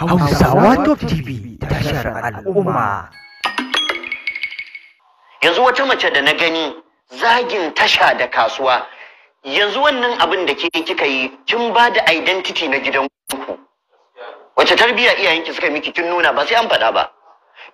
Hausawa Top TV tashar al'umma. Yanzu wata mace da na gani zagin tasha da kasuwa. Yanzu wannan abin da ke kika yi kin ba da identity na gidan ku. Wace tarbiyya iyayenki suka yi miki kin nuna ba sai an faɗa ba.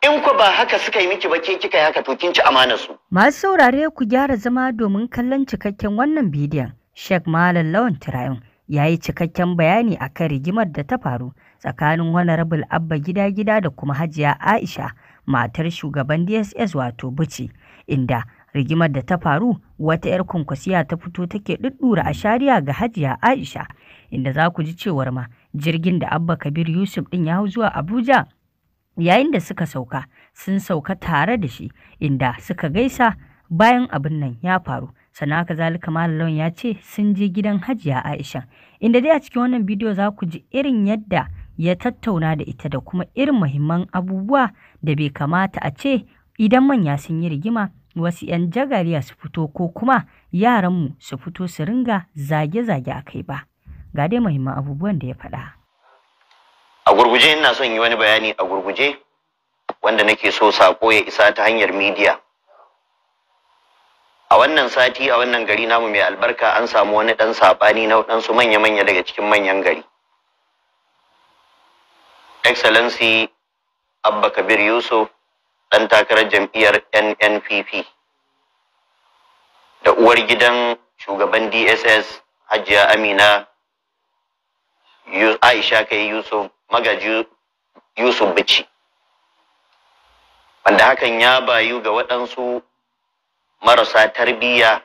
In ku ba haka suka yi miki ba ke kika yi haka to kin ci amanar su. Masu saurare ku gyara zama domin kallon cikakken wannan bidiyon. Sheikh Malam Lawan Tirayun. ya yi cikakken bayani a kan rigimar da ta faru tsakanin honorable abba gida gida da kuma hajiya aisha matar shugaban dss wato buci inda rigimar da ta faru wata 'yar kwankwasiya ta fito take ɗuɗɗura a shari'a ga hajiya aisha inda za ku ji cewar ma jirgin da abba kabir yusuf ɗin ya hau zuwa abuja yayin da suka sauka sun sauka tare da shi inda suka gaisa bayan abin nan ya faru sannan haka zalika malalon ya ce sun je gidan hajiya aisha inda dai a cikin wannan bidiyo za ku ji irin yadda ya tattauna da ita da kuma irin muhimman abubuwa da bai kamata a ce idan manya sun yi rigima wasu 'yan jagariya su fito ko kuma yaranmu su fito su ringa zage-zage a kai ba ga dai muhimman abubuwan da ya faɗa. a gurguje ina son yi wani bayani a gurguje wanda nake so sako ya isa ta hanyar midiya a wannan sati a wannan gari namu mai albarka an samu wani dan sabani na waɗansu manya-manya daga cikin manyan gari excellency abba kabir yusuf dan takarar jam'iyyar nnpp da uwar gidan shugaban dss hajiya amina aisha kai yusuf magaji yusuf bici wanda hakan ya bayu ga waɗansu marasa tarbiyya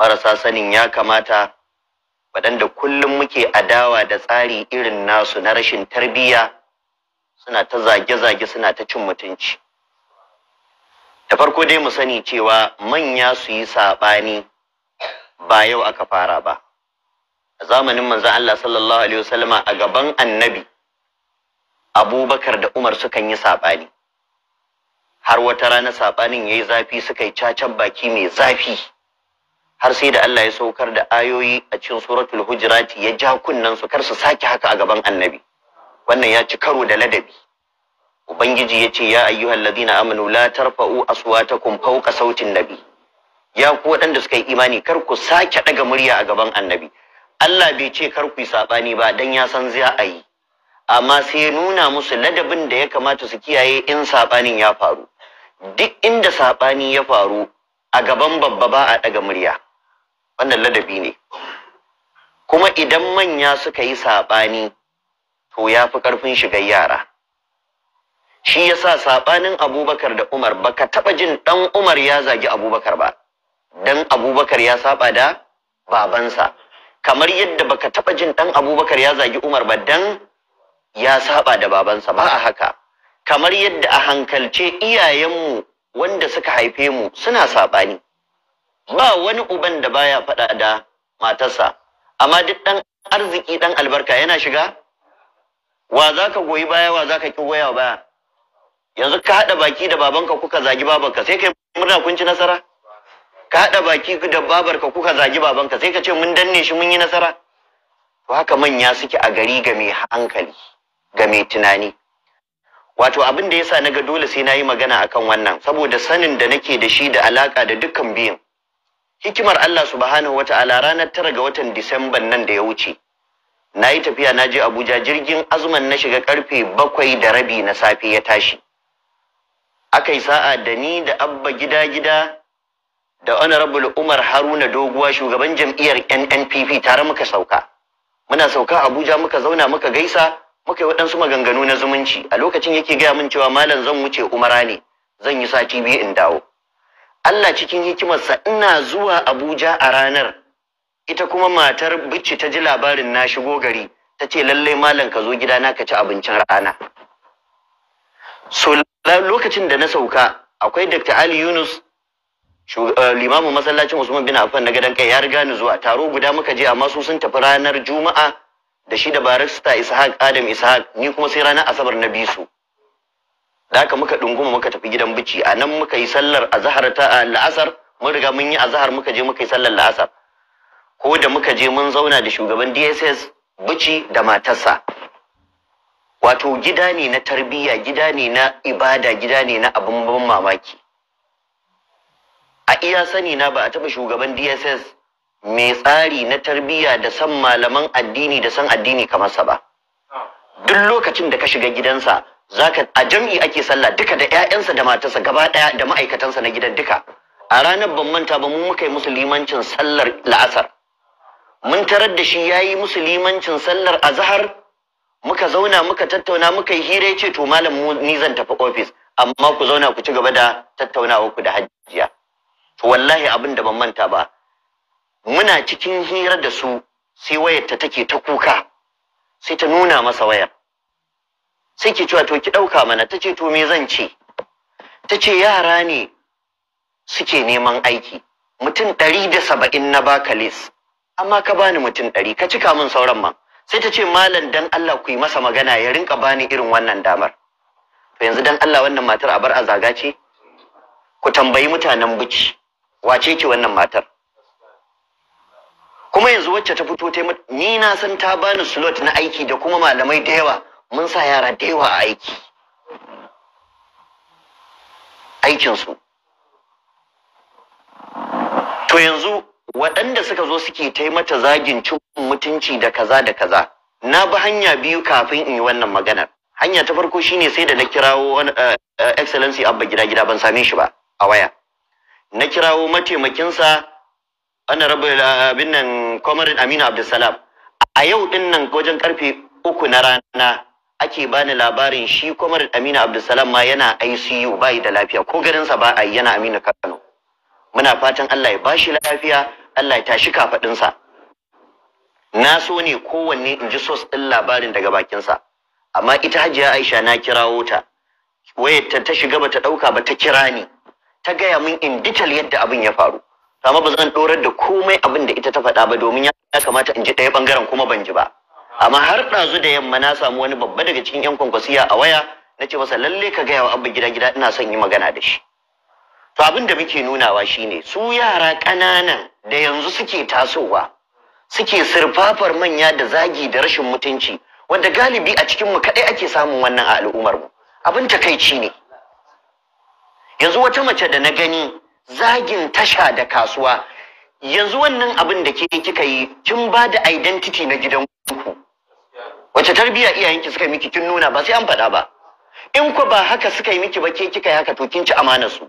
marasa sanin ya kamata waɗanda kullum muke adawa da tsari irin nasu na rashin tarbiyya suna ta zage-zage suna ta cin mutunci da farko dai mu sani cewa manya su yi saɓani ba yau aka fara ba a zamanin manzan Allah sallallahu alaihi wasallama a gaban annabi abubakar da umar sukan yi saɓani har wata rana saɓanin yayi zafi suka yi cacan baki mai zafi har sai da Allah ya saukar da ayoyi a cikin suratul hujurat ya ja kunnan su kar su sake haka a gaban annabi wannan ya ci karo da ladabi ubangiji ya ce ya ayyuhal ladina amanu la tarfa'u aswatakum fawqa sautin nabi ya ku waɗanda suka yi imani kar ku sake ɗaga murya a gaban annabi Allah bai ce kar ku yi saɓani ba dan ya san za a yi amma sai ya nuna musu ladabin da ya kamata su kiyaye in saɓanin ya faru duk inda saɓani ya faru a gaban babba ba a ɗaga murya wannan ladabi ne kuma idan manya suka yi saɓani to ya fi ƙarfin shigar yara shi yasa saɓanin abubakar da umar baka taɓa jin ɗan umar ya zagi abubakar ba dan abubakar ya saɓa da babansa kamar yadda baka taɓa jin ɗan abubakar ya zagi umar ba dan ya saɓa da babansa ba a haka kamar yadda a hankalce iyayenmu wanda suka haife mu suna saɓani ba wani uban da baya faɗa da matarsa amma duk ɗan arziki ɗan albarka yana shiga wa za ka goyi baya wa za ka ƙi goya baya yanzu ka haɗa baki da babanka kuka zagi babanka sai kai murna kun ci nasara ka haɗa baki da babarka kuka zagi babanka sai ka ce mun danne shi mun yi nasara to haka manya suke a gari ga mai hankali ga mai tunani wato abin da yasa naga dole sai nayi magana akan wannan saboda sanin da nake da shi da alaka da dukkan biyun hikimar Allah subhanahu wataala ranar tara ga watan Disamban nan da ya wuce nayi tafiya naje Abuja jirgin azuman na shiga karfe bakwai da rabi na safe ya tashi akai sa'a da ni da abba gida gida da honorable Umar Haruna Doguwa shugaban jam'iyyar NNPP tare muka sauka muna sauka Abuja muka zauna muka gaisa muka yi waɗansu maganganu na zumunci a lokacin yake gaya min cewa malam zan wuce umara ne zan yi sati biyu in dawo Allah cikin hikimarsa ina zuwa Abuja a ranar ita kuma matar bicci ta ji labarin na shigo gari ta ce lallai malam ka zo gida na ka ci abincin rana so lokacin da na sauka akwai Dr. Ali Yunus eh, limamin masallacin Usman bin Afan na gadon kai ya riga ni zuwa taro guda muka je amma su sun tafi ranar Juma'a da shi da barista Ishaq Adam Ishaq ni kuma sai ranar Asabar na bisu da haka muka dunguma muka tafi gidan bici a nan muka yi sallar azhar ta la'asar mun riga mun yi azhar muka je muka yi sallar la'asar ko da muka je mun zauna da shugaban DSS bici da matarsa wato gida ne na tarbiyya gida ne na ibada gida ne na abin ban mamaki a iya sani na ba a taba shugaban DSS mai tsari na tarbiyya da san malaman addini da san addini kamar sa ba duk lokacin da ka shiga gidansa zaka a jam'i ake sallah duka da 'ya'yansa da matarsa gaba ɗaya da ma'aikatansa na gidan duka a ranar ban manta ba mu muka yi musulmancin sallar la'asar mun tarar da shi yayi musulmancin sallar azhar muka zauna muka tattauna muka yi hira ce to malam mu ni zan tafi ofis. amma ku zauna ku ci gaba da tattaunawa ku da hajjiya to wallahi abin da ban manta ba muna cikin hira da su sai wayar ta take ta kuka sai ta nuna masa wayar sai ke cewa to ki ɗauka mana tace to me zan ce tace yara ne suke neman aiki mutum ɗari da saba'in na baka lis amma ka bani mutum ɗari ka cika min sauran ma. sai tace ce malam dan Allah ku yi masa magana ya rinka bani irin wannan damar to yanzu dan Allah wannan matar a bar a zaga ce ku tambayi mutanen buci. wace ce wannan matar kuma yanzu wacce ta fito ta ni na san ta bani slot na aiki da kuma malamai da yawa mun sa yara da yawa a aiki su to yanzu waɗanda suka zo suke ta mata zagin cin mutunci da kaza da kaza na bi hanya biyu kafin in yi wannan maganar hanya ta farko shine sai da na kirawo eh, eh, excellency abba gida gida ban same shi ba a waya na kirawo mataimakinsa honorable uh, abin nan comrade Aminu Abdulsalam a yau din nan wajen karfe uku na rana ake bani labarin shi comrade Aminu Abdulsalam ma yana ICU bai da lafiya ko garinsa ba a yana Aminu Kano muna fatan Allah ya bashi lafiya Allah ya tashi kafadinsa na so ne kowanne in ji sos ɗin labarin daga bakinsa amma ita Hajiya Aisha na kirawo ta wayar ta shiga bata ɗauka ba ta kira ni ta gaya min in detail yadda abin ya faru amma ba zan dorar da komai abin da ita ta faɗa ba domin ya kamata in ji ɗaya bangaren kuma ban ji ba amma har ɗazu da yamma na samu wani babba daga cikin yan kwankwasiya a waya na ce masa lalle ka gaya wa abin gida gida ina son yi magana da shi to abin da muke nunawa shine su yara ƙananan da yanzu suke tasowa suke surfafar manya da zagi da rashin mutunci wanda galibi a cikin mu kadai ake samun wannan a al'ummar mu abin takaici ne yanzu wata mace da na gani zagin tasha da kasuwa yanzu wannan abin da ke kika yi kin ba da identity na gidanku wace tarbiyya iyayenki suka miki kin nuna ba sai an faɗa ba in ku ba haka suka yi miki ba ke kika yi haka to kin ci amanar su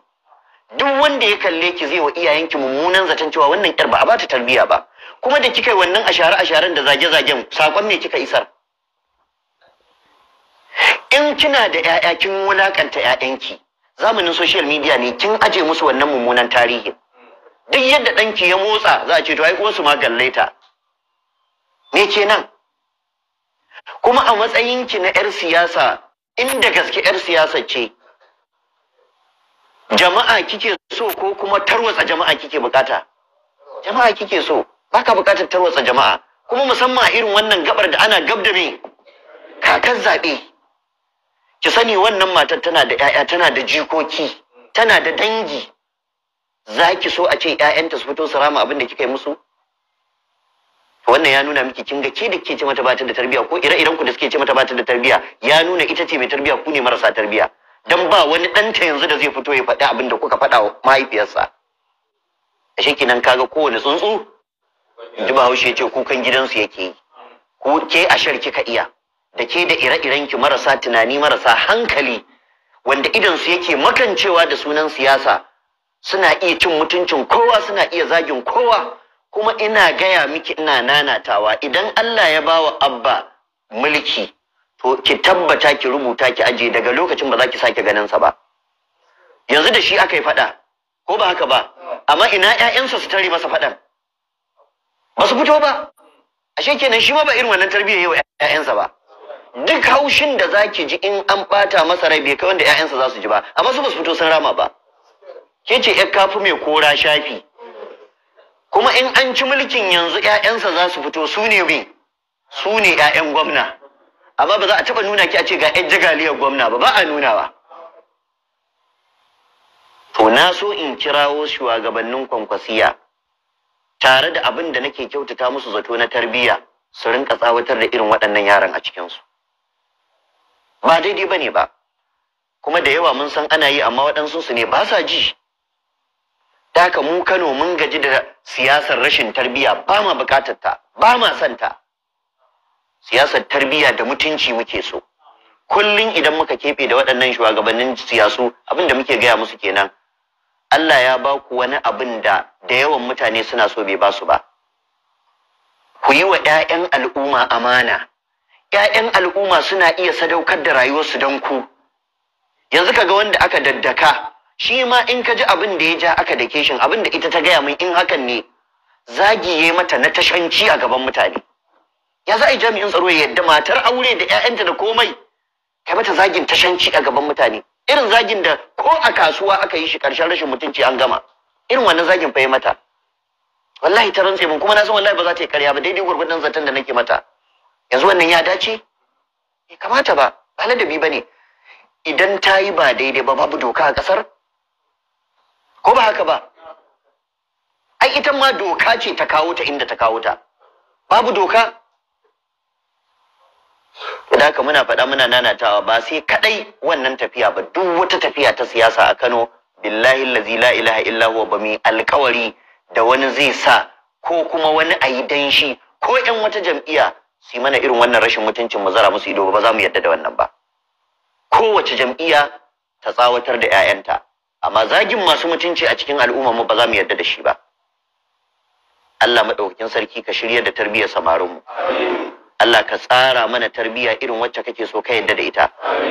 duk wanda ya kalle ki zai wa iyayenki mummunan zaton cewa wannan yar ba a bata tarbiyya ba kuma da kika yi wannan ashare asharen da zage zagen sakon me kika isar in kina da 'ya'ya kin wulakanta ƴaƴanki zamanin social media ne kin aje musu wannan mummunan tarihi duk yadda ɗanki ya motsa za a ce to ai uwarsu ma gallaita me kenan kuma a matsayin ki na 'yar siyasa inda gaske 'yar siyasa ce jama'a kike so ko kuma tarwatsa jama'a kike bukata jama'a kike so baka bukatar tarwatsa jama'a kuma musamman a irin wannan gabar da ana gab da me kakar zaɓe ki sani wannan matar tana da ƴaƴa tana da jikoki tana da dangi za ki so a ce ƴaƴanta su fito su rama abin da kika yi musu wannan ya nuna miki kin ga ke da ke ce mata bata da tarbiya ko ire-iren ku da suke ce mata bata da tarbiya ya nuna ita ce mai tarbiya ku ne marasa tarbiya dan ba wani ɗanta yanzu da zai fito ya faɗi abin da kuka faɗa wa mahaifiyarsa ashe kenan kaga kowane tsuntsu ji bahaushe ya ce kukan gidansu yake yi ko ke ashar kika iya da ke da ire-irenki marasa tunani marasa hankali wanda idansu yake makancewa da sunan siyasa suna iya cin mutuncin kowa suna iya zagin kowa kuma ina gaya miki ina nanatawa idan Allah ya bawa abba mulki to ki tabbata ki rubuta ki aje daga lokacin ba za ki sake ganin sa ba yanzu da shi aka yi faɗa ko ba haka ba amma ina ƴaƴansa su tare masa faɗan ba su fito ba ashe kenan shi ma ba irin wannan tarbiyyar yau ƴaƴansa ba duk haushin da zaki ji in an bata masa rai bai kai wanda ƴaƴansa za su ji ba amma su ba su fito sun rama ba ke ce ƴar kafu mai kora shafi kuma in an ci mulkin yanzu ƴaƴansa za su fito su ne me su ne ƴaƴan gwamna amma ba za a taɓa nuna ki a ce ga ƴan jagaliyar gwamna ba ba a nunawa to na so in kirawo shugabannin kwankwasiya tare da abin da nake kyautata musu zato na tarbiyya su rinka tsawatar da irin waɗannan yaran a cikinsu ba daidai ba ne ba kuma da yawa mun san ana yi amma waɗansu su ne ba sa ji haka mu Kano mun gaji da siyasar rashin tarbiyya ba ma bukatar ta ba ma son ta siyasar tarbiyya da mutunci muke so Kullum idan muka keɓe da waɗannan shugabannin siyasu abin da muke gaya musu kenan Allah ya ba ku wani abin da da yawan mutane suna so bai ba su ba ku yi wa 'ya'yan al'umma amana 'ya'yan al'umma suna iya sadaukar da rayuwarsu don ku yanzu kaga wanda aka daddaka shi ma in ka ji abin da ya ja aka dake shin abin da ita ta gaya min in hakan ne Zagi yi mata na tashanci a gaban mutane ya za a yi jami'in tsaro ya yadda matar aure da 'ya'yanta da komai kai mata zagin tashanci a gaban mutane irin zagin da ko a kasuwa aka yi shi ƙarshen rashin mutunci an gama irin wannan zagin fa mata wallahi ta rantse mun kuma na san wallahi ba za ta yi karya ba daidai gurgurdan zaton da nake mata yanzu wannan ya dace bai kamata ba ba ladabi ba ne idan ta yi ba daidai ba babu doka a ƙasar ko ba haka ba ai ita ma doka ce ta kawo ta inda ta kawo ta babu doka da haka muna faɗa muna nanatawa ba sai kaɗai wannan tafiya ba duk wata tafiya ta siyasa a Kano billahi allazi la ilaha illa huwa ba mu alkawari da wani zai sa ko kuma wani ayi danshi ko 'yan wata jam'iyya su mana irin wannan rashin mutuncin mu zara musu ido ba za mu yadda da wannan ba kowace jam'iyya ta tsawatar da 'ya'yanta amma zagin masu mutunci a cikin al'ummar mu ba za mu yadda da shi ba Allah madaukakin sarki ka shirya da tarbiyyar samarin mu Allah ka tsara mana tarbiyya irin wacce kake so ka yadda da ita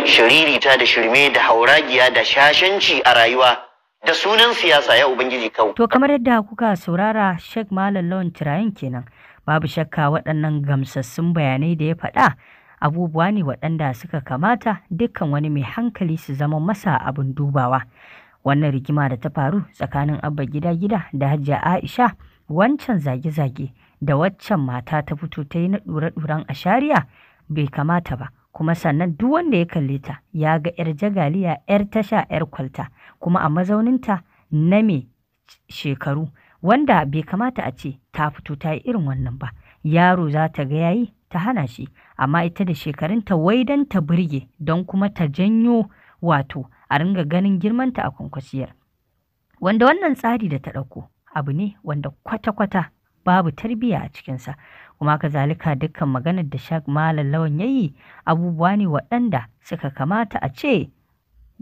shiririta da shirme da hauragiya da shashanci a rayuwa da sunan siyasa ya ubangiji kawo to kamar yadda kuka saurara Sheikh Malam Lawan Tirayen kenan Babu shakka waɗannan gamsassun bayanai da ya faɗa abubuwa ne waɗanda suka kamata dukkan wani mai hankali su zama masa abin dubawa. Wannan rigima da ta faru tsakanin Abba Gida Gida da Hajiya Aisha wancan zage-zage da waccan mata ta fito ta yi na ɗure-ɗuren a shari'a bai kamata ba. kuma sannan duk wanda ya kalle ta ya ga 'yar jagaliya 'yar tasha 'yar kwalta kuma a mazauninta na mai shekaru wanda bai kamata a ce ta fito ta yi irin wannan ba yaro za ta ga yayi ta hana shi amma ita da shekarunta wai don ta burge don kuma ta janyo wato a ringa ganin girmanta a kwankwasiyar wanda wannan tsari da ta ɗauko abu ne wanda kwata-kwata babu tarbiyya a cikinsa kuma kazalika dukkan maganar da shak malam lawan yayi abubuwa ne waɗanda suka kamata a ce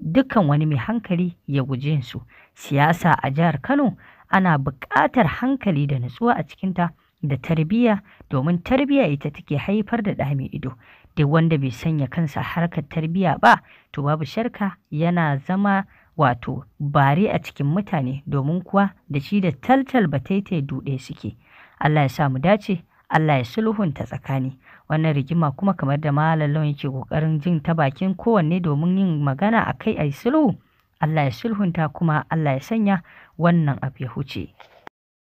dukkan wani mai hankali ya guje su siyasa a jihar kano ana buƙatar hankali da nutsuwa a cikinta da tarbiyya domin tarbiyya ita take haifar da ɗa mai ido duk wanda bai sanya kansa harkar tarbiyya ba to babu sharka yana zama wato bare a cikin mutane domin kuwa da shi da taltal bataitai duɗe suke Allah ya sa mu dace Allah ya sulhunta tsakani wannan rigima kuma kamar da malalon yake kokarin jin ta bakin kowanne domin yin magana akai ayi sulhu Allah ya sulhunta kuma Allah ya sanya wannan abu ya huce.